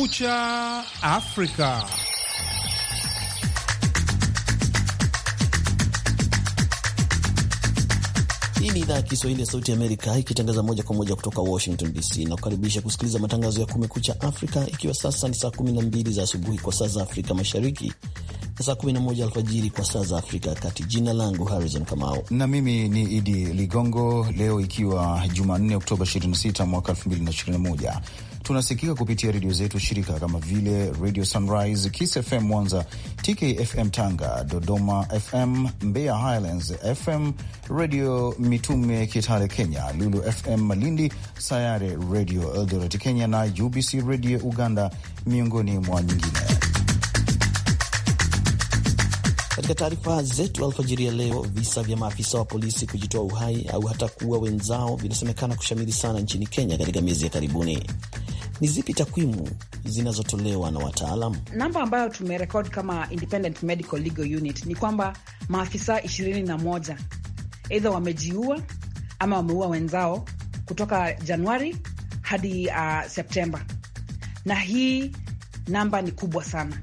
Kumekucha Afrika. Hii ni idhaa ya Kiswahili ya Sauti Amerika ikitangaza moja kwa moja kutoka Washington DC na kukaribisha kusikiliza matangazo ya Kumekucha Afrika, ikiwa sasa ni saa 12 za asubuhi kwa saa za Afrika Mashariki na saa 11 alfajiri kwa saa za Afrika Kati. Jina langu Harrison Kamau na mimi ni Idi Ligongo. Leo ikiwa Jumanne, Oktoba 26 mwaka 2021 tunasikika kupitia redio zetu shirika kama vile Radio Sunrise, Kiss FM Mwanza, TKFM Tanga, Dodoma FM, Mbeya Highlands FM, Redio Mitume Kitale Kenya, Lulu FM Malindi, Sayare Radio Eldoret Kenya na UBC Radio Uganda, miongoni mwa nyingine. Katika taarifa zetu alfajiri ya leo, visa vya maafisa wa polisi kujitoa uhai au hata kuua wenzao vinasemekana kushamiri sana nchini Kenya katika miezi ya karibuni. Ni zipi takwimu zinazotolewa na wataalam? Namba ambayo tumerekodi kama Independent Medical Legal Unit ni kwamba maafisa 21 eidha wamejiua ama wameua wenzao kutoka Januari hadi uh, Septemba, na hii namba ni kubwa sana,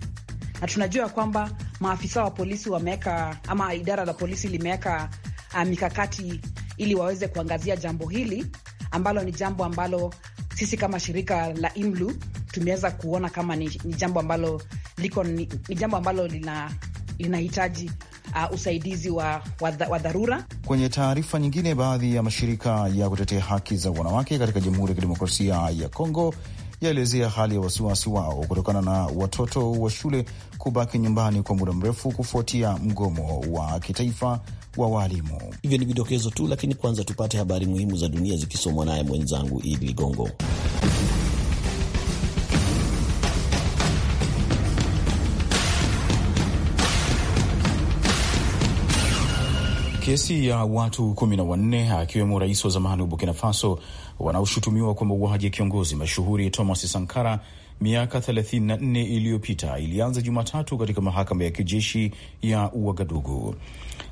na tunajua kwamba maafisa wa polisi wameweka ama idara la polisi limeweka uh, mikakati ili waweze kuangazia jambo hili ambalo ni jambo ambalo sisi kama shirika la IMLU tumeweza kuona kama ni, ni jambo ambalo liko ni, ni jambo ambalo lina linahitaji uh, usaidizi wa, wa, wa dharura. Kwenye taarifa nyingine, baadhi ya mashirika ya kutetea haki za wanawake katika Jamhuri ya Kidemokrasia ya Kongo yaelezea hali ya wasiwasi wao kutokana na watoto wa shule kubaki nyumbani kwa muda mrefu kufuatia mgomo wa kitaifa wa waalimu. Hivyo ni vidokezo tu, lakini kwanza tupate habari muhimu za dunia zikisomwa naye mwenzangu Idi Ligongo. Kesi ya watu kumi na wanne akiwemo rais wa zamani wa Burkina Faso wanaoshutumiwa kwa mauaji ya kiongozi mashuhuri Thomas Sankara miaka 34 iliyopita ilianza Jumatatu katika mahakama ya kijeshi ya Uagadugu.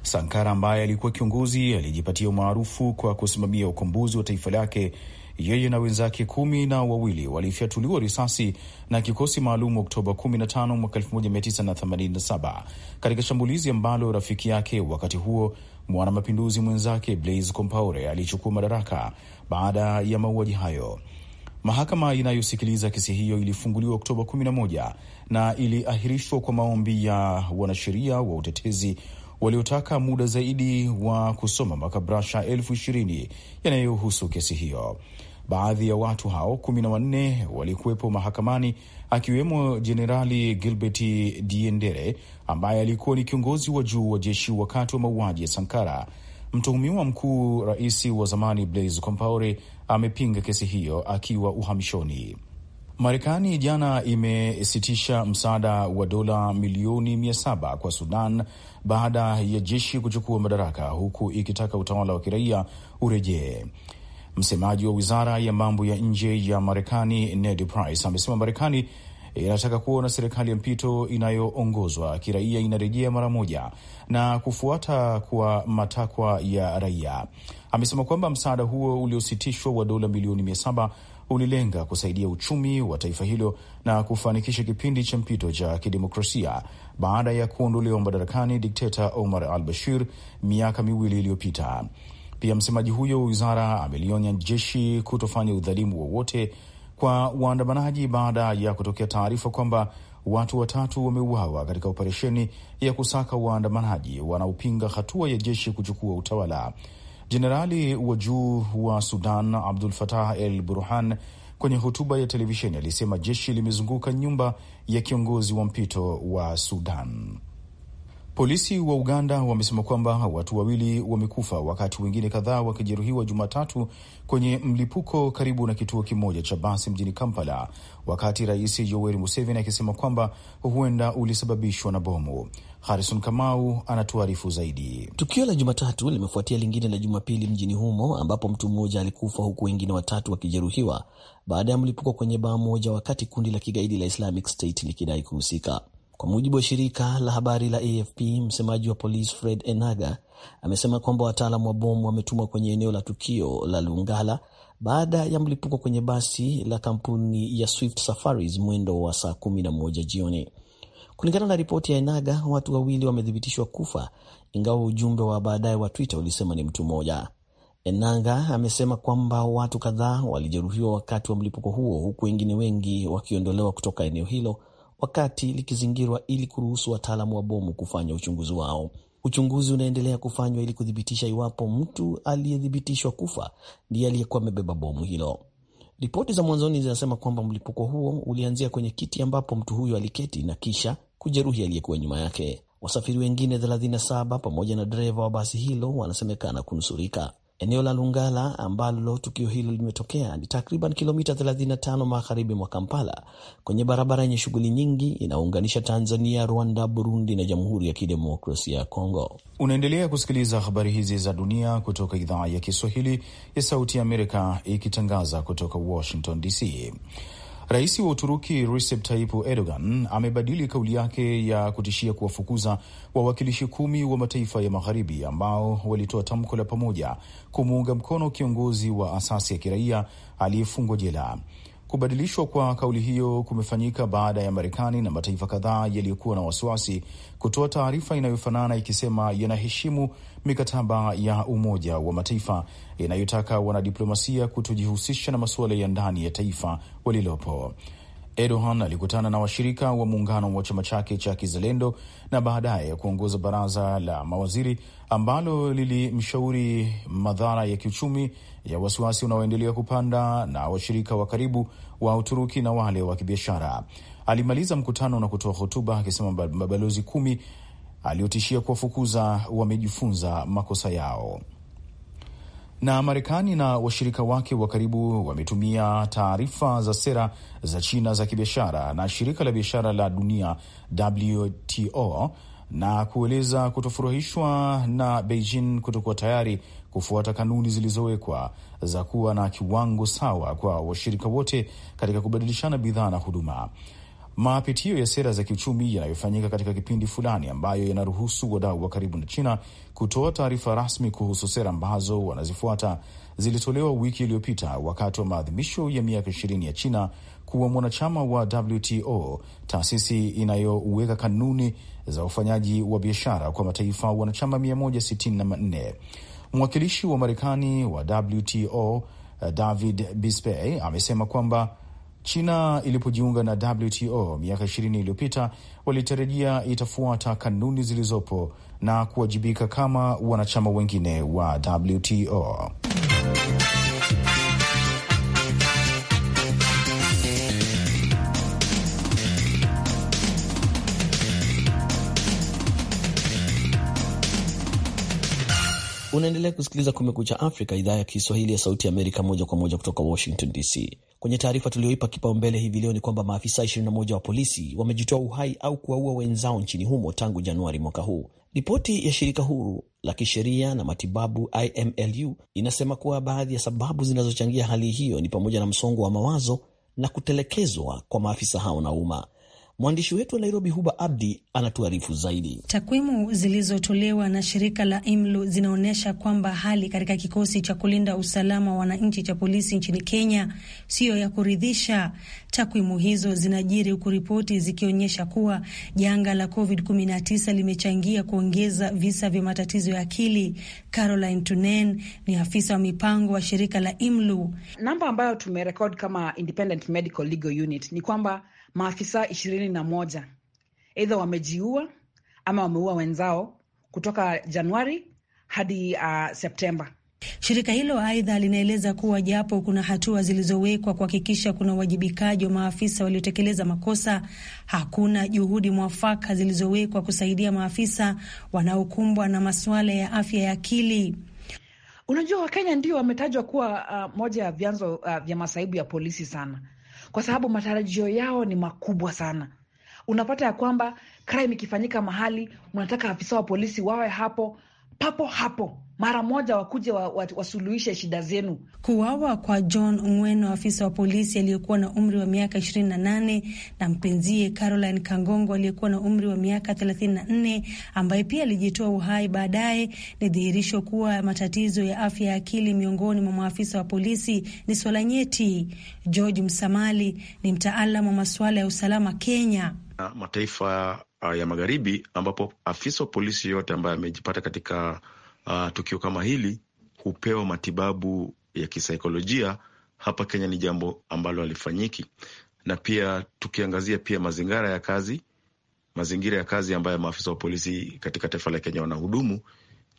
Sankara ambaye alikuwa kiongozi aliyejipatia umaarufu kwa kusimamia ukombozi wa taifa lake, yeye na wenzake kumi na wawili walifyatuliwa risasi na kikosi maalum Oktoba 15 mwaka 1987 katika shambulizi ambalo rafiki yake wakati huo mwanamapinduzi mwenzake Blaise Compaore alichukua madaraka baada ya mauaji hayo. Mahakama inayosikiliza kesi hiyo ilifunguliwa Oktoba 11 na iliahirishwa kwa maombi ya wanasheria wa utetezi waliotaka muda zaidi wa kusoma makabrasha elfu ishirini yanayohusu kesi hiyo. Baadhi ya watu hao kumi na wanne walikuwepo mahakamani akiwemo Jenerali Gilbert Diendere ambaye alikuwa ni kiongozi wa juu wa jeshi wakati wa mauaji ya Sankara. Mtuhumiwa mkuu, rais wa zamani Blaise Compaore, amepinga kesi hiyo akiwa uhamishoni. Marekani jana imesitisha msaada wa dola milioni mia saba kwa Sudan baada ya jeshi kuchukua madaraka, huku ikitaka utawala wa kiraia urejee. Msemaji wa wizara ya mambo ya nje ya Marekani Ned Price amesema Marekani inataka kuona serikali ya mpito inayoongozwa kiraia inarejea mara moja na kufuata kwa matakwa ya raia. Amesema kwamba msaada huo uliositishwa wa dola milioni mia saba ulilenga kusaidia uchumi wa taifa hilo na kufanikisha kipindi cha mpito cha kidemokrasia baada ya kuondolewa madarakani dikteta Omar al Bashir miaka miwili iliyopita. Pia msemaji huyo wizara amelionya jeshi kutofanya udhalimu wowote kwa waandamanaji baada ya kutokea taarifa kwamba watu watatu wameuawa katika operesheni ya kusaka waandamanaji wanaopinga hatua ya jeshi kuchukua utawala. Jenerali wa juu wa Sudan Abdul Fatah El Burhan kwenye hotuba ya televisheni alisema jeshi limezunguka nyumba ya kiongozi wa mpito wa Sudan. Polisi wa Uganda wamesema kwamba watu wawili wamekufa wakati wengine kadhaa wakijeruhiwa Jumatatu kwenye mlipuko karibu na kituo kimoja cha basi mjini Kampala, wakati Rais Yoweri Museveni akisema kwamba huenda ulisababishwa na bomu. Harison Kamau anatuarifu zaidi. Tukio la Jumatatu limefuatia lingine la Jumapili mjini humo ambapo mtu mmoja alikufa huku wengine watatu wakijeruhiwa baada ya mlipuko kwenye baa moja, wakati kundi la kigaidi la Islamic State likidai kuhusika. Kwa mujibu wa shirika la habari la AFP, msemaji wa polisi Fred Enaga amesema kwamba wataalamu wa bomu wametumwa kwenye eneo la tukio la Lungala baada ya mlipuko kwenye basi la kampuni ya Swift Safaris mwendo wa saa moja jioni. Kulingana na ripoti ya Enaga, watu wawili wamethibitishwa kufa, ingawa ujumbe wa baadaye wa Twitter ulisema ni mtu mmoja. Enanga amesema kwamba watu kadhaa walijeruhiwa wakati wa mlipuko huo, huku wengine wengi wakiondolewa kutoka eneo hilo wakati likizingirwa ili kuruhusu wataalamu wa bomu kufanya uchunguzi wao. Uchunguzi unaendelea kufanywa ili kuthibitisha iwapo mtu aliyethibitishwa kufa ndiye aliyekuwa amebeba bomu hilo. Ripoti za mwanzoni zinasema kwamba mlipuko huo ulianzia kwenye kiti ambapo mtu huyo aliketi na kisha kujeruhi aliyekuwa nyuma yake. Wasafiri wengine 37 pamoja na dereva wa basi hilo wanasemekana kunusurika. Eneo la Lungala ambalo tukio hilo limetokea ni takriban kilomita 35 magharibi mwa Kampala, kwenye barabara yenye shughuli nyingi inaunganisha Tanzania, Rwanda, Burundi na Jamhuri ya Kidemokrasia ya Kongo. Unaendelea kusikiliza habari hizi za dunia kutoka idhaa ya Kiswahili ya Sauti ya Amerika, ikitangaza kutoka Washington DC. Rais wa Uturuki Recep Tayyip Erdogan amebadili kauli yake ya kutishia kuwafukuza wawakilishi kumi wa mataifa ya magharibi ambao walitoa tamko la pamoja kumuunga mkono kiongozi wa asasi ya kiraia aliyefungwa jela. Kubadilishwa kwa kauli hiyo kumefanyika baada ya Marekani na mataifa kadhaa yaliyokuwa na wasiwasi kutoa taarifa inayofanana ikisema yanaheshimu mikataba ya Umoja wa Mataifa inayotaka wanadiplomasia kutojihusisha na masuala ya ndani ya taifa walilopo. Erdogan alikutana na washirika wa muungano wa chama chake cha kizalendo na baadaye kuongoza baraza la mawaziri ambalo lilimshauri madhara ya kiuchumi ya wasiwasi unaoendelea kupanda na washirika wa karibu wa Uturuki na wale wa kibiashara. Alimaliza mkutano na kutoa hotuba akisema mabalozi kumi aliotishia kuwafukuza wamejifunza makosa yao. Na Marekani na washirika wake wa karibu wametumia taarifa za sera za China za kibiashara na shirika la biashara la dunia WTO na kueleza kutofurahishwa na Beijing kutokuwa tayari kufuata kanuni zilizowekwa za kuwa na kiwango sawa kwa washirika wote katika kubadilishana bidhaa na huduma. Mapitio ya sera za kiuchumi yanayofanyika katika kipindi fulani ambayo yanaruhusu wadau wa karibu na China kutoa taarifa rasmi kuhusu sera ambazo wanazifuata zilitolewa wiki iliyopita wakati wa maadhimisho ya miaka ishirini ya China kuwa mwanachama wa WTO, taasisi inayoweka kanuni za ufanyaji wa biashara kwa mataifa wanachama 164. Mwakilishi wa Marekani wa WTO eh, David Bispey amesema kwamba China ilipojiunga na WTO miaka ishirini iliyopita walitarajia itafuata kanuni zilizopo na kuwajibika kama wanachama wengine wa WTO. Unaendelea kusikiliza Kumekucha Afrika, idhaa ya Kiswahili ya Sauti Amerika, moja kwa moja kutoka Washington DC. Kwenye taarifa tulioipa kipaumbele hivi leo ni kwamba maafisa 21 wa polisi wamejitoa uhai au kuwaua wenzao nchini humo tangu Januari mwaka huu. Ripoti ya shirika huru la kisheria na matibabu IMLU inasema kuwa baadhi ya sababu zinazochangia hali hiyo ni pamoja na msongo wa mawazo na kutelekezwa kwa maafisa hao na umma. Mwandishi wetu wa Nairobi, Huba Abdi, anatuarifu zaidi. Takwimu zilizotolewa na shirika la IMLU zinaonyesha kwamba hali katika kikosi cha kulinda usalama wa wananchi cha polisi nchini Kenya siyo ya kuridhisha. Takwimu hizo zinajiri huku ripoti zikionyesha kuwa janga la COVID-19 limechangia kuongeza visa vya matatizo ya akili. Caroline Tunen ni afisa wa mipango wa shirika la IMLU. Namba ambayo tumerekod kama Independent Medical Legal Unit ni kwamba maafisa ishirini na moja eidha wamejiua ama wameua wenzao kutoka Januari hadi uh, Septemba. Shirika hilo aidha linaeleza kuwa japo kuna hatua zilizowekwa kuhakikisha kuna uwajibikaji wa maafisa waliotekeleza makosa, hakuna juhudi mwafaka zilizowekwa kusaidia maafisa wanaokumbwa na masuala ya afya ya akili. Unajua, Wakenya ndio wametajwa kuwa uh, moja ya vyanzo uh, vya masaibu ya polisi sana, kwa sababu matarajio yao ni makubwa sana. Unapata ya kwamba crime ikifanyika mahali, unataka afisa wa polisi wawe hapo papo hapo mara moja wakuje wasuluhishe wa, wa shida zenu. Kuuawa kwa John ngweno afisa wa polisi aliyekuwa na umri wa miaka 28 na mpenzie Caroline Kangongo aliyekuwa na umri wa miaka 34 ambaye pia alijitoa uhai baadaye, ni dhihirisho kuwa matatizo ya afya ya akili miongoni mwa maafisa wa polisi ni swala nyeti. George Msamali ni mtaalam wa masuala ya usalama Kenya na mataifa ah, ya magharibi ambapo afisa wa polisi yoyote ambaye amejipata katika uh, tukio kama hili hupewa matibabu ya kisaikolojia. Hapa Kenya ni jambo ambalo halifanyiki, na pia tukiangazia pia mazingira ya kazi, mazingira ya kazi ambayo maafisa wa polisi katika taifa la Kenya wanahudumu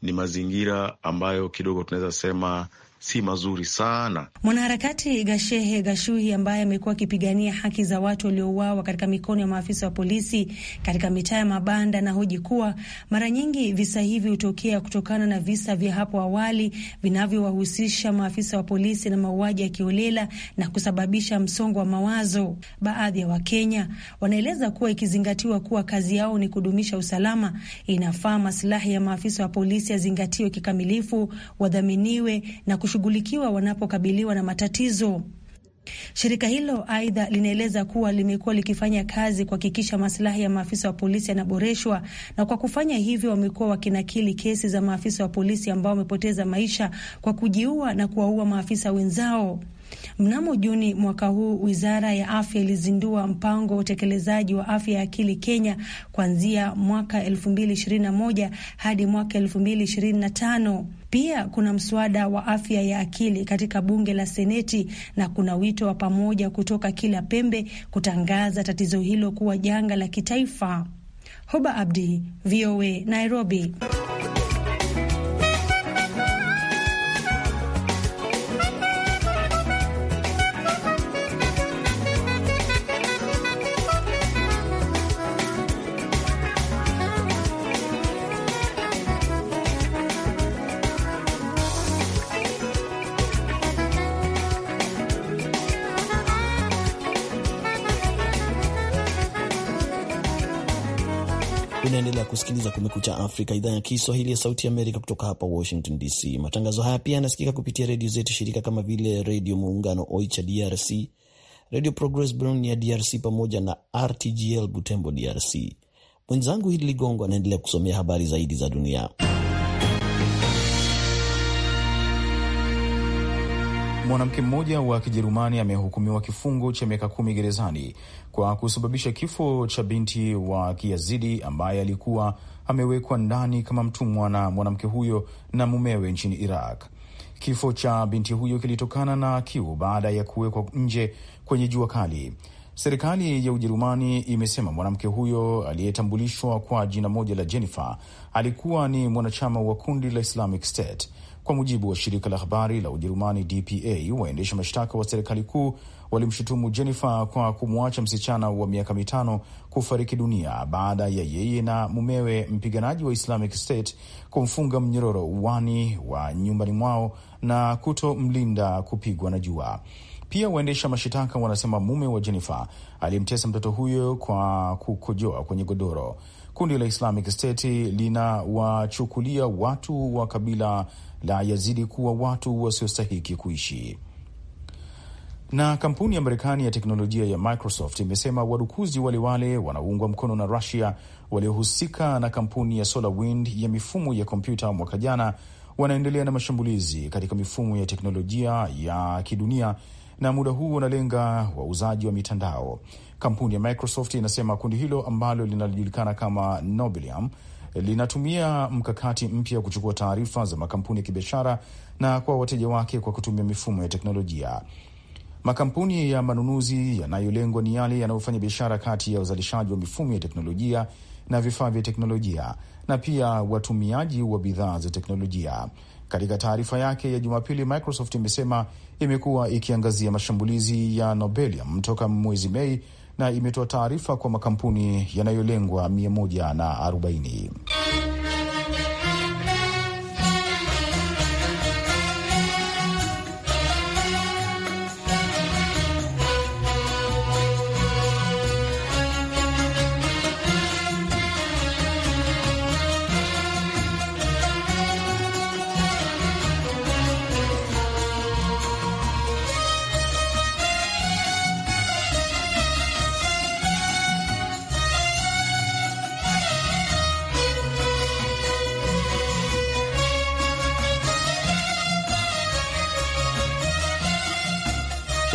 ni mazingira ambayo kidogo tunaweza sema si mazuri sana. Mwanaharakati Gashehe Gashuhi ambaye amekuwa akipigania haki za watu waliouawa katika mikono ya maafisa wa polisi katika mitaa ya mabanda na hoji kuwa mara nyingi visa hivi hutokea kutokana na visa vya hapo awali vinavyowahusisha maafisa wa polisi na mauaji ya kiolela na kusababisha msongo wa mawazo. Baadhi ya Wakenya wanaeleza kuwa ikizingatiwa kuwa kazi yao ni kudumisha usalama, inafaa masilahi ya maafisa wa polisi yazingatiwe kikamilifu, wadhaminiwe na kushughulikiwa wanapokabiliwa na matatizo. Shirika hilo aidha linaeleza kuwa limekuwa likifanya kazi kuhakikisha masilahi ya maafisa wa polisi yanaboreshwa, na kwa kufanya hivyo wamekuwa wakinakili kesi za maafisa wa polisi ambao wamepoteza maisha kwa kujiua na kuwaua maafisa wenzao. Mnamo Juni mwaka huu, wizara ya afya ilizindua mpango wa utekelezaji wa afya ya akili Kenya kuanzia mwaka 2021 hadi mwaka 2025. Pia kuna mswada wa afya ya akili katika bunge la Seneti na kuna wito wa pamoja kutoka kila pembe kutangaza tatizo hilo kuwa janga la kitaifa. Hoba Abdi, VOA, Nairobi. Kumekucha Afrika, idhaa ya Kiswahili ya Sauti Amerika kutoka hapa Washington DC. Matangazo haya pia yanasikika kupitia redio zetu shirika kama vile Redio Muungano Oicha DRC, Redio Progress Brown ya DRC pamoja na RTGL Butembo DRC. Mwenzangu Hili Ligongo anaendelea kusomea habari zaidi za dunia. Mwanamke mmoja wa Kijerumani amehukumiwa kifungo cha miaka kumi gerezani kwa kusababisha kifo cha binti wa Kiyazidi ambaye alikuwa amewekwa ndani kama mtumwa na mwanamke huyo na mumewe nchini Iraq. Kifo cha binti huyo kilitokana na kiu baada ya kuwekwa nje kwenye jua kali. Serikali ya Ujerumani imesema mwanamke huyo aliyetambulishwa kwa jina moja la Jennifer alikuwa ni mwanachama wa kundi la Islamic State. Kwa mujibu wa shirika la habari la Ujerumani DPA, waendesha mashtaka wa serikali kuu walimshutumu Jennifer kwa kumwacha msichana wa miaka mitano kufariki dunia baada ya yeye na mumewe mpiganaji wa Islamic State kumfunga mnyororo uwani wa nyumbani mwao na kutomlinda kupigwa na jua. Pia waendesha mashitaka wanasema mume wa Jennifer alimtesa mtoto huyo kwa kukojoa kwenye godoro. Kundi la Islamic State linawachukulia watu wa kabila la Yazidi kuwa watu wasiostahiki kuishi. Na kampuni ya Marekani ya teknolojia ya Microsoft imesema wadukuzi walewale wanaoungwa mkono na Rusia waliohusika na kampuni ya SolarWind ya mifumo ya kompyuta mwaka jana wanaendelea na mashambulizi katika mifumo ya teknolojia ya kidunia na muda huu wanalenga wauzaji wa mitandao. Kampuni ya Microsoft inasema kundi hilo ambalo linalojulikana kama Nobilium linatumia mkakati mpya kuchukua taarifa za makampuni ya kibiashara na kwa wateja wake kwa kutumia mifumo ya teknolojia. Makampuni ya manunuzi yanayolengwa ni yale yanayofanya biashara kati ya uzalishaji wa mifumo ya teknolojia na vifaa vya teknolojia na pia watumiaji wa bidhaa za teknolojia. Katika taarifa yake ya Jumapili, Microsoft imesema imekuwa ikiangazia mashambulizi ya Nobelium toka mwezi Mei na imetoa taarifa kwa makampuni yanayolengwa 140.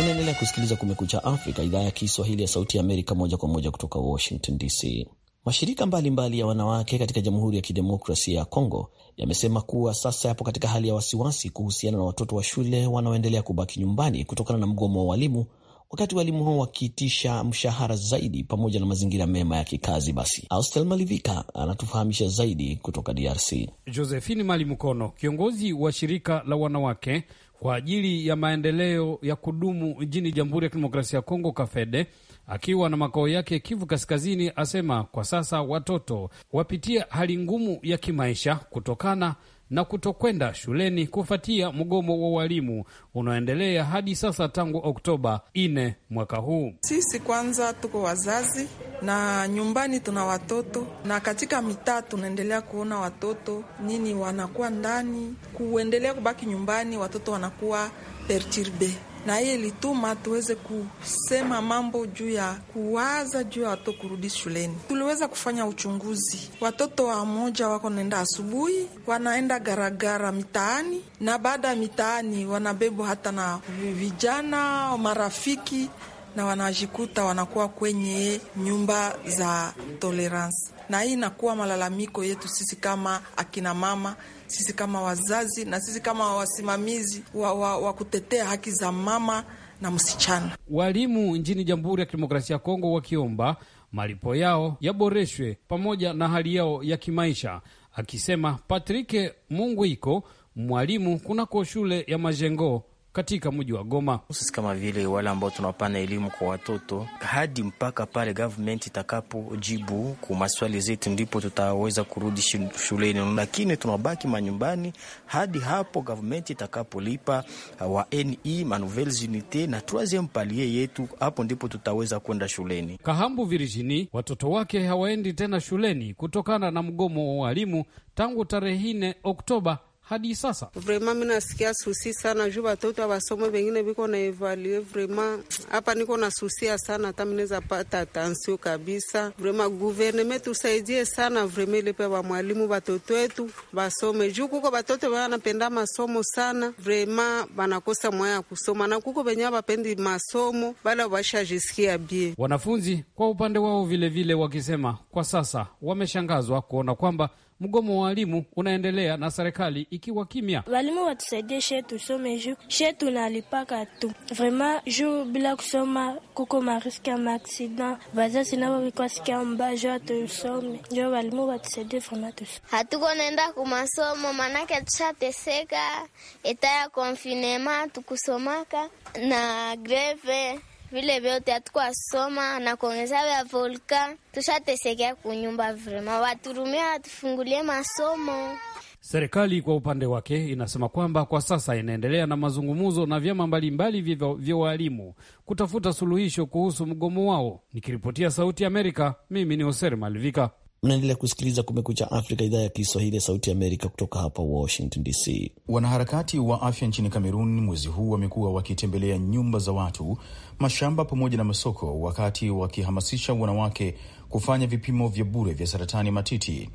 Unaendelea kusikiliza Kumekucha Afrika, idhaa ya Kiswahili ya Sauti ya Amerika, moja kwa moja kutoka Washington DC. Mashirika mbalimbali mbali ya wanawake katika Jamhuri ya Kidemokrasia ya Kongo yamesema kuwa sasa yapo katika hali ya wasiwasi kuhusiana na watoto wa shule wanaoendelea kubaki nyumbani kutokana na mgomo wa walimu, wakati walimu hao wakiitisha mshahara zaidi pamoja na mazingira mema ya kikazi. Basi Austel Malivika anatufahamisha zaidi kutoka DRC. Josephine Mali kiongozi wa shirika la wanawake kwa ajili ya maendeleo ya kudumu nchini Jamhuri ya Kidemokrasia ya Kongo, KAFEDE, akiwa na makao yake Kivu Kaskazini, asema kwa sasa watoto wapitia hali ngumu ya kimaisha kutokana na kutokwenda shuleni kufuatia mgomo wa walimu unaoendelea hadi sasa tangu Oktoba nne mwaka huu. Sisi kwanza tuko wazazi na nyumbani tuna watoto, na katika mitaa tunaendelea kuona watoto nini wanakuwa ndani, kuendelea kubaki nyumbani, watoto wanakuwa perturbe na hiyo ilituma tuweze kusema mambo juu ya kuwaza juu ya watoto kurudi shuleni. Tuliweza kufanya uchunguzi, watoto wa moja wako naenda asubuhi, wanaenda garagara mitaani, na baada ya mitaani wanabebwa hata na vijana marafiki na wanajikuta wanakuwa kwenye nyumba za tolerance, na hii inakuwa malalamiko yetu sisi kama akina mama sisi kama wazazi na sisi kama wasimamizi wa, wa, wa kutetea haki za mama na msichana. Walimu nchini Jamhuri ya Kidemokrasia ya Kongo wakiomba malipo yao yaboreshwe pamoja na hali yao ya kimaisha, akisema Patrick Mungwiko, mwalimu kunako shule ya Majengo katika mji wa Goma. Sisi kama vile wale ambao tunapana elimu kwa watoto, hadi mpaka pale government itakapojibu kwa maswali zetu, ndipo tutaweza kurudi shuleni, lakini tunabaki manyumbani hadi hapo government itakapolipa uh, wa ni e manouvelles unités na troisieme palier yetu, hapo ndipo tutaweza kwenda shuleni. Kahambu Virginie, watoto wake hawaendi tena shuleni kutokana na mgomo wa walimu tangu tarehe 4 Oktoba hadi sasa vrema nasikia susi sana juu watoto awasome vengine viko na evalue vrema. Hapa niko na susia sana, hata mineza pata tansio kabisa. Vrema guverneme tusaidie sana vrema, ilipe wa mwalimu watoto wetu wasome juu kuko watoto wanapenda masomo sana, vrema wanakosa mwaya ya kusoma, na kuko venye wapendi masomo bala washajisikia bie. Wanafunzi kwa upande wao vile vile wakisema kwa sasa wameshangazwa kuona kwamba Mgomo wa walimu unaendelea na serikali ikiwa kimya. Walimu watusaidie she tusome juu she tunalipaka tu vrema juu bila kusoma kuko mariski ya maaksida vazazi navo vikwasikia mba juu atusome njo walimu watusaidie vrema tusome. Hatuko naenda kumasomo manake tushateseka eta ya konfinema tukusomaka na greve vile vyote hatukuwa soma na kuongeza vya volka, tushatesekea kunyumba vrema, waturumia watufungulie masomo. Serikali kwa upande wake inasema kwamba kwa sasa inaendelea na mazungumzo na vyama mbalimbali vya waalimu kutafuta suluhisho kuhusu mgomo wao. Nikiripotia Sauti ya Amerika, mimi ni Hoser Malvika. Mnaendelea kusikiliza Kumekucha Afrika, idhaa ya Kiswahili ya Sauti ya Amerika, kutoka hapa Washington DC. Wanaharakati wa afya nchini Kamerun mwezi huu wamekuwa wakitembelea nyumba za watu, mashamba pamoja na masoko, wakati wakihamasisha wanawake kufanya vipimo vya bure vya saratani matiti.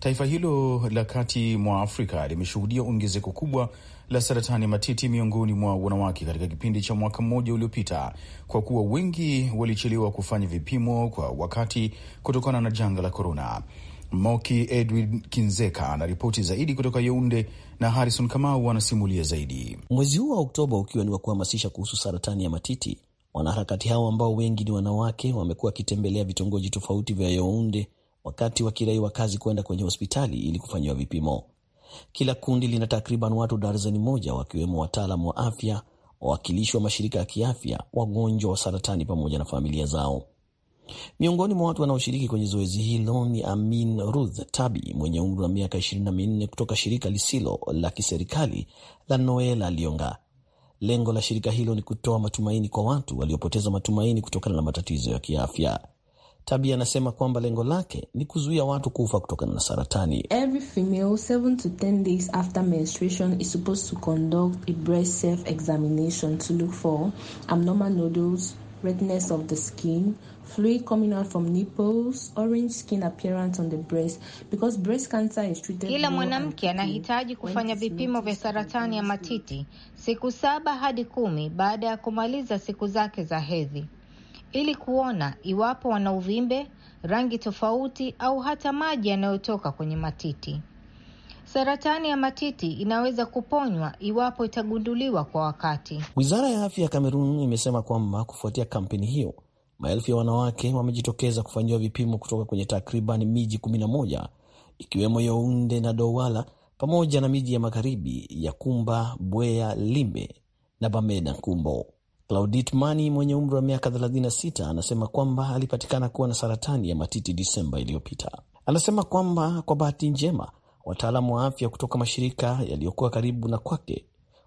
Taifa hilo la kati mwa Afrika limeshuhudia ongezeko kubwa la saratani matiti miongoni mwa wanawake katika kipindi cha mwaka mmoja uliopita, kwa kuwa wengi walichelewa kufanya vipimo kwa wakati kutokana na janga la korona. Moki Edwin Kinzeka anaripoti zaidi kutoka Yeunde na Harrison Kamau anasimulia zaidi. Mwezi huu wa Oktoba ukiwa ni wa kuhamasisha kuhusu saratani ya matiti, wanaharakati hao ambao wengi ni wanawake wamekuwa wakitembelea vitongoji tofauti vya Yeunde wakati wakirahiwa kazi kwenda kwenye hospitali ili kufanyiwa vipimo. Kila kundi lina takriban watu darzeni moja wakiwemo wataalam wa afya, wawakilishi wa mashirika ya kiafya, wagonjwa wa saratani pamoja na familia zao. Miongoni mwa watu wanaoshiriki kwenye zoezi hilo ni Amin Ruth Tabi mwenye umri wa miaka 24 kutoka shirika lisilo la kiserikali la Noela Lionga. Lengo la shirika hilo ni kutoa matumaini kwa watu waliopoteza matumaini kutokana na matatizo ya kiafya. Tabia anasema kwamba lengo lake ni kuzuia watu kufa kutokana na saratani. Every female, to days after menstruation is supposed to conduct a breast self-examination to look for abnormal nodules, redness of the skin, fluid coming out from nipples, orange skin appearance on the breast because breast cancer is treated. Kila mwanamke anahitaji kufanya vipimo vya saratani ya matiti siku saba hadi kumi baada ya kumaliza siku zake za hedhi ili kuona iwapo wana uvimbe, rangi tofauti au hata maji yanayotoka kwenye matiti. Saratani ya matiti inaweza kuponywa iwapo itagunduliwa kwa wakati. Wizara ya afya ya Kamerun imesema kwamba kufuatia kampeni hiyo, maelfu ya wanawake wamejitokeza kufanyiwa vipimo kutoka kwenye takriban miji 11 ikiwemo Yaounde na Douala pamoja na miji ya magharibi ya Kumba, Bweya, Limbe na Bamenda Kumbo claudit Mani mwenye umri wa miaka 36 anasema kwamba alipatikana kuwa na saratani ya matiti Disemba iliyopita. Anasema kwamba kwa bahati njema wataalamu wa afya kutoka mashirika yaliyokuwa karibu na kwake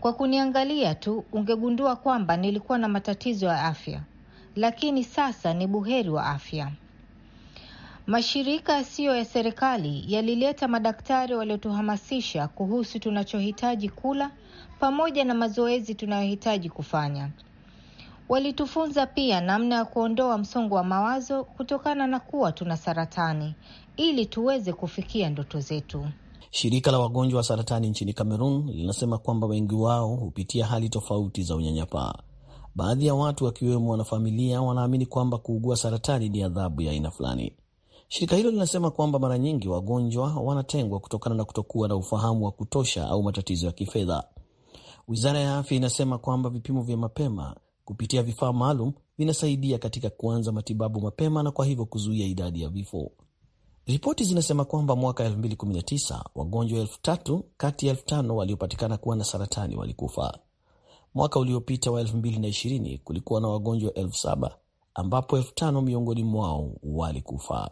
Kwa kuniangalia tu ungegundua kwamba nilikuwa na matatizo ya afya, lakini sasa ni buheri wa afya. Mashirika yasiyo ya serikali yalileta madaktari waliotuhamasisha kuhusu tunachohitaji kula pamoja na mazoezi tunayohitaji kufanya. Walitufunza pia namna ya kuondoa msongo wa mawazo kutokana na kuwa tuna saratani ili tuweze kufikia ndoto zetu. Shirika la wagonjwa wa saratani nchini Cameroon linasema kwamba wengi wao hupitia hali tofauti za unyanyapaa. Baadhi ya watu wakiwemo wanafamilia wanaamini kwamba kuugua saratani ni adhabu ya aina fulani. Shirika hilo linasema kwamba mara nyingi wagonjwa wanatengwa kutokana na kutokuwa na ufahamu wa kutosha au matatizo ya kifedha. Wizara ya afya inasema kwamba vipimo vya mapema kupitia vifaa maalum vinasaidia katika kuanza matibabu mapema na kwa hivyo kuzuia idadi ya vifo. Ripoti zinasema kwamba mwaka 2019 wagonjwa elfu tatu kati ya elfu tano waliopatikana kuwa na saratani walikufa. Mwaka uliopita wa 2020 kulikuwa na wagonjwa elfu saba ambapo elfu tano miongoni mwao walikufa.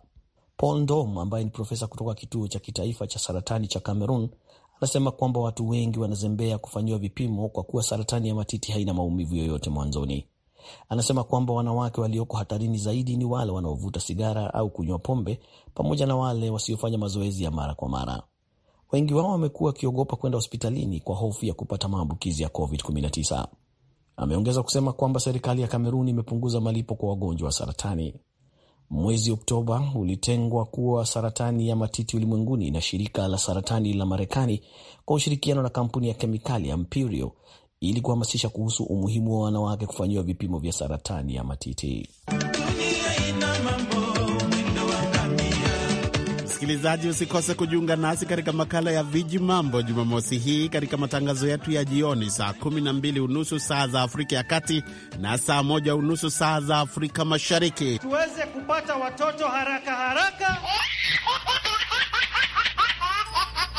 Paul Ndom ambaye ni profesa kutoka kituo cha kitaifa cha saratani cha Cameroon anasema kwamba watu wengi wanazembea kufanyiwa vipimo kwa kuwa saratani ya matiti haina maumivu yoyote mwanzoni. Anasema kwamba wanawake walioko hatarini zaidi ni wale wanaovuta sigara au kunywa pombe, pamoja na wale wasiofanya mazoezi ya mara kwa mara. Wengi wao wamekuwa wakiogopa kwenda hospitalini kwa hofu ya kupata maambukizi ya COVID-19. Ameongeza kusema kwamba serikali ya Kameruni imepunguza malipo kwa wagonjwa wa saratani. Mwezi Oktoba ulitengwa kuwa saratani ya matiti ulimwenguni na shirika la saratani la Marekani kwa ushirikiano na kampuni ya kemikali ya Ampirio ili kuhamasisha kuhusu umuhimu wa wanawake kufanyiwa vipimo vya saratani ya matiti. Msikilizaji, usikose kujiunga nasi katika makala ya Viji Mambo Jumamosi hii katika matangazo yetu ya jioni saa kumi na mbili unusu saa za Afrika ya Kati na saa moja unusu saa za Afrika Mashariki, tuweze kupata watoto haraka haraka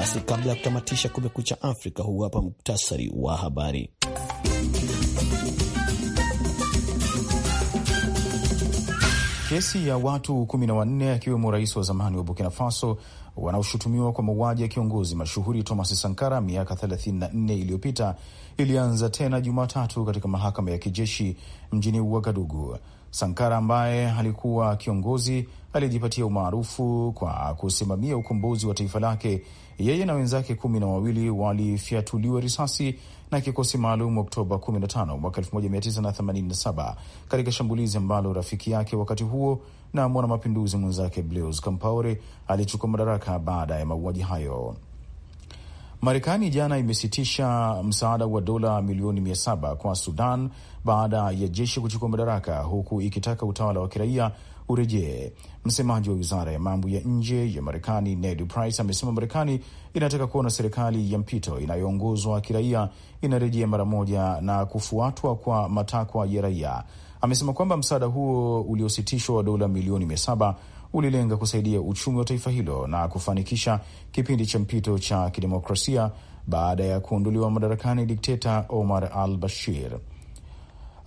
Basi kabla ya kutamatisha Kumekucha Afrika, huu hapa muktasari wa habari. Kesi ya watu kumi na wanne akiwemo rais wa zamani wa Burkina Faso wanaoshutumiwa kwa mauaji ya kiongozi mashuhuri Thomas Sankara miaka 34 iliyopita ilianza tena Jumatatu katika mahakama ya kijeshi mjini Uagadugu. Sankara ambaye alikuwa kiongozi aliyejipatia umaarufu kwa kusimamia ukombozi wa taifa lake. Yeye na wenzake kumi na wawili walifyatuliwa risasi na kikosi maalum Oktoba 15 mwaka 1987 katika shambulizi ambalo rafiki yake wakati huo na mwanamapinduzi mwenzake Blaise Compaore alichukua madaraka baada ya mauaji hayo. Marekani jana imesitisha msaada wa dola milioni mia saba kwa Sudan baada ya jeshi kuchukua madaraka, huku ikitaka utawala wa kiraia urejee. Msemaji wa wizara ya mambo ya nje ya Marekani Ned Price amesema Marekani inataka kuona serikali ya mpito inayoongozwa kiraia inarejea mara moja na kufuatwa kwa matakwa ya raia. Amesema kwamba msaada huo uliositishwa wa dola milioni mia saba ulilenga kusaidia uchumi wa taifa hilo na kufanikisha kipindi cha mpito cha kidemokrasia baada ya kuunduliwa madarakani dikteta Omar al Bashir.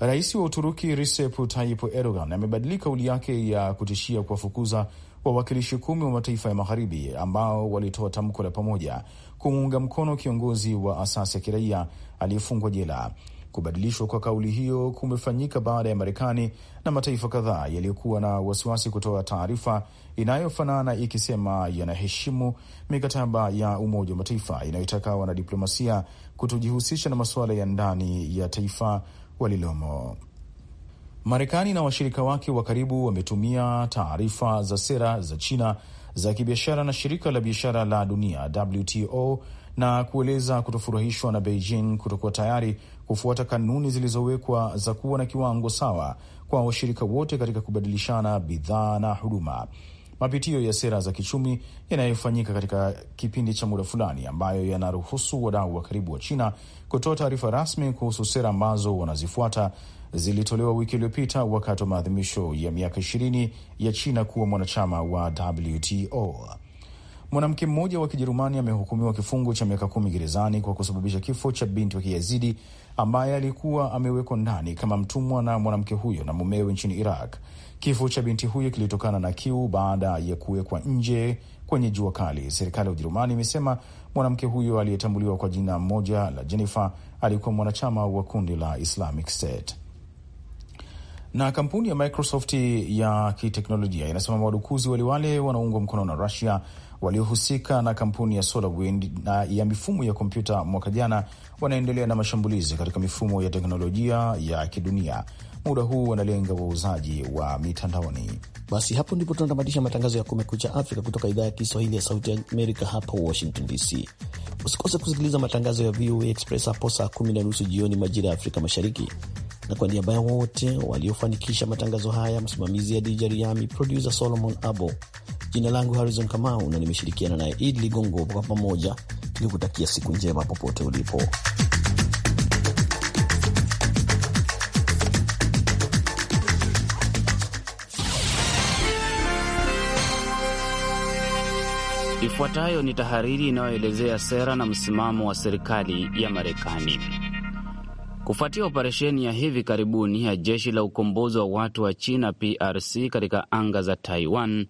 Rais wa Uturuki Recep Tayyip Erdogan amebadili kauli yake ya kutishia kuwafukuza wawakilishi kumi wa mataifa ya magharibi ambao walitoa tamko la pamoja kumuunga mkono kiongozi wa asasi ya kiraia aliyefungwa jela. Kubadilishwa kwa kauli hiyo kumefanyika baada ya Marekani na mataifa kadhaa yaliyokuwa na wasiwasi kutoa taarifa inayofanana ikisema yanaheshimu mikataba ya Umoja wa Mataifa inayotaka wanadiplomasia kutojihusisha na masuala ya ndani ya taifa walilomo. Marekani na washirika wake wa karibu wametumia taarifa za sera za China za kibiashara na shirika la biashara la dunia WTO na kueleza kutofurahishwa na Beijing kutokuwa tayari kufuata kanuni zilizowekwa za kuwa na kiwango sawa kwa washirika wote katika kubadilishana bidhaa na huduma mapitio ya sera za kichumi yanayofanyika katika kipindi cha muda fulani, ambayo yanaruhusu wadau wa karibu wa China kutoa taarifa rasmi kuhusu sera ambazo wanazifuata, zilitolewa wiki iliyopita wakati wa maadhimisho ya miaka ishirini ya China kuwa mwanachama wa WTO. Mwanamke mmoja wa Kijerumani amehukumiwa kifungo cha miaka kumi gerezani kwa kusababisha kifo cha binti wa Kiyazidi ambaye alikuwa amewekwa ndani kama mtumwa na mwanamke huyo na mumewe nchini Iraq. Kifo cha binti huyo kilitokana na kiu baada ya kuwekwa nje kwenye jua kali. Serikali ya Ujerumani imesema mwanamke huyo aliyetambuliwa kwa jina moja la Jennifer alikuwa mwanachama wa kundi la Islamic State. Na kampuni ya Microsoft ya kiteknolojia inasema wadukuzi waliwale wanaungwa mkono na Rusia waliohusika na kampuni ya SolarWind na ya mifumo ya kompyuta mwaka jana wanaendelea na mashambulizi katika mifumo ya teknolojia ya kidunia muda huu wanalenga wauzaji wa mitandaoni. Basi hapo ndipo tunatamatisha matangazo ya Kumekucha Afrika kutoka idhaa ya Kiswahili ya Sauti ya Amerika hapa Washington DC. Usikose kusikiliza matangazo ya VOA Express hapo saa kumi na nusu jioni majira ya Afrika Mashariki. Na kwa niaba ya wote waliofanikisha matangazo haya, msimamizi ya DJ Riami, produsa Solomon Abo, jina langu Harrison Kamau na nimeshirikiana naye Idi Ligongo, kwa pamoja tukikutakia siku njema popote ulipo. Ifuatayo ni tahariri inayoelezea sera na msimamo wa serikali ya Marekani. Kufuatia operesheni ya hivi karibuni ya jeshi la ukombozi wa watu wa China PRC katika anga za Taiwan,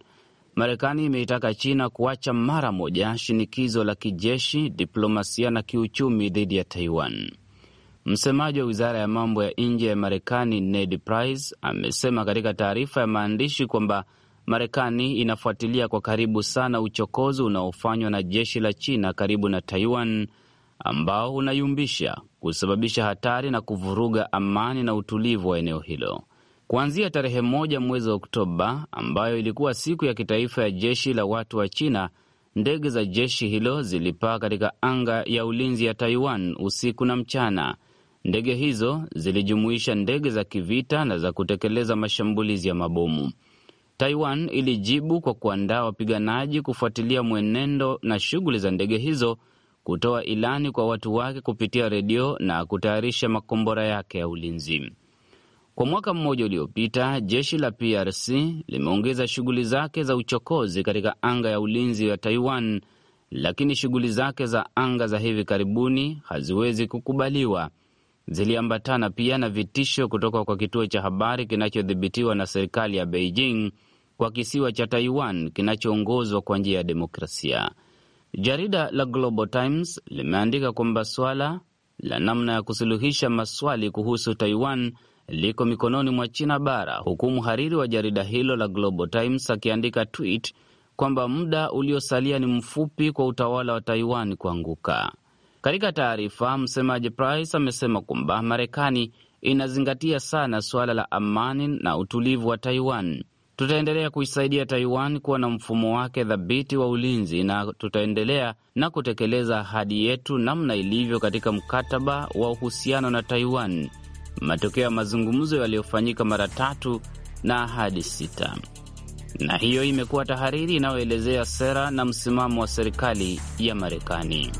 Marekani imeitaka China kuacha mara moja shinikizo la kijeshi, diplomasia na kiuchumi dhidi ya Taiwan. Msemaji wa wizara ya mambo ya nje ya Marekani Ned Price amesema katika taarifa ya maandishi kwamba Marekani inafuatilia kwa karibu sana uchokozi unaofanywa na jeshi la China karibu na Taiwan ambao unayumbisha, kusababisha hatari na kuvuruga amani na utulivu wa eneo hilo. Kuanzia tarehe moja mwezi wa Oktoba, ambayo ilikuwa siku ya kitaifa ya jeshi la watu wa China, ndege za jeshi hilo zilipaa katika anga ya ulinzi ya Taiwan usiku na mchana. Ndege hizo zilijumuisha ndege za kivita na za kutekeleza mashambulizi ya mabomu. Taiwan ilijibu kwa kuandaa wapiganaji kufuatilia mwenendo na shughuli za ndege hizo, kutoa ilani kwa watu wake kupitia redio na kutayarisha makombora yake ya ulinzi. Kwa mwaka mmoja uliopita, jeshi la PRC limeongeza shughuli zake za uchokozi katika anga ya ulinzi ya Taiwan, lakini shughuli zake za anga za hivi karibuni haziwezi kukubaliwa ziliambatana pia na vitisho kutoka kwa kituo cha habari kinachodhibitiwa na serikali ya Beijing kwa kisiwa cha Taiwan kinachoongozwa kwa njia ya demokrasia. Jarida la Global Times limeandika kwamba swala la namna ya kusuluhisha maswali kuhusu Taiwan liko mikononi mwa China bara, huku mhariri wa jarida hilo la Global Times akiandika tweet kwamba muda uliosalia ni mfupi kwa utawala wa Taiwan kuanguka. Katika taarifa, msemaji Price amesema kwamba Marekani inazingatia sana suala la amani na utulivu wa Taiwan. Tutaendelea kuisaidia Taiwan kuwa na mfumo wake thabiti wa ulinzi na tutaendelea na kutekeleza ahadi yetu namna ilivyo katika mkataba wa uhusiano na Taiwan, matokeo ya mazungumzo yaliyofanyika mara tatu na ahadi sita. Na hiyo imekuwa tahariri inayoelezea sera na msimamo wa serikali ya Marekani.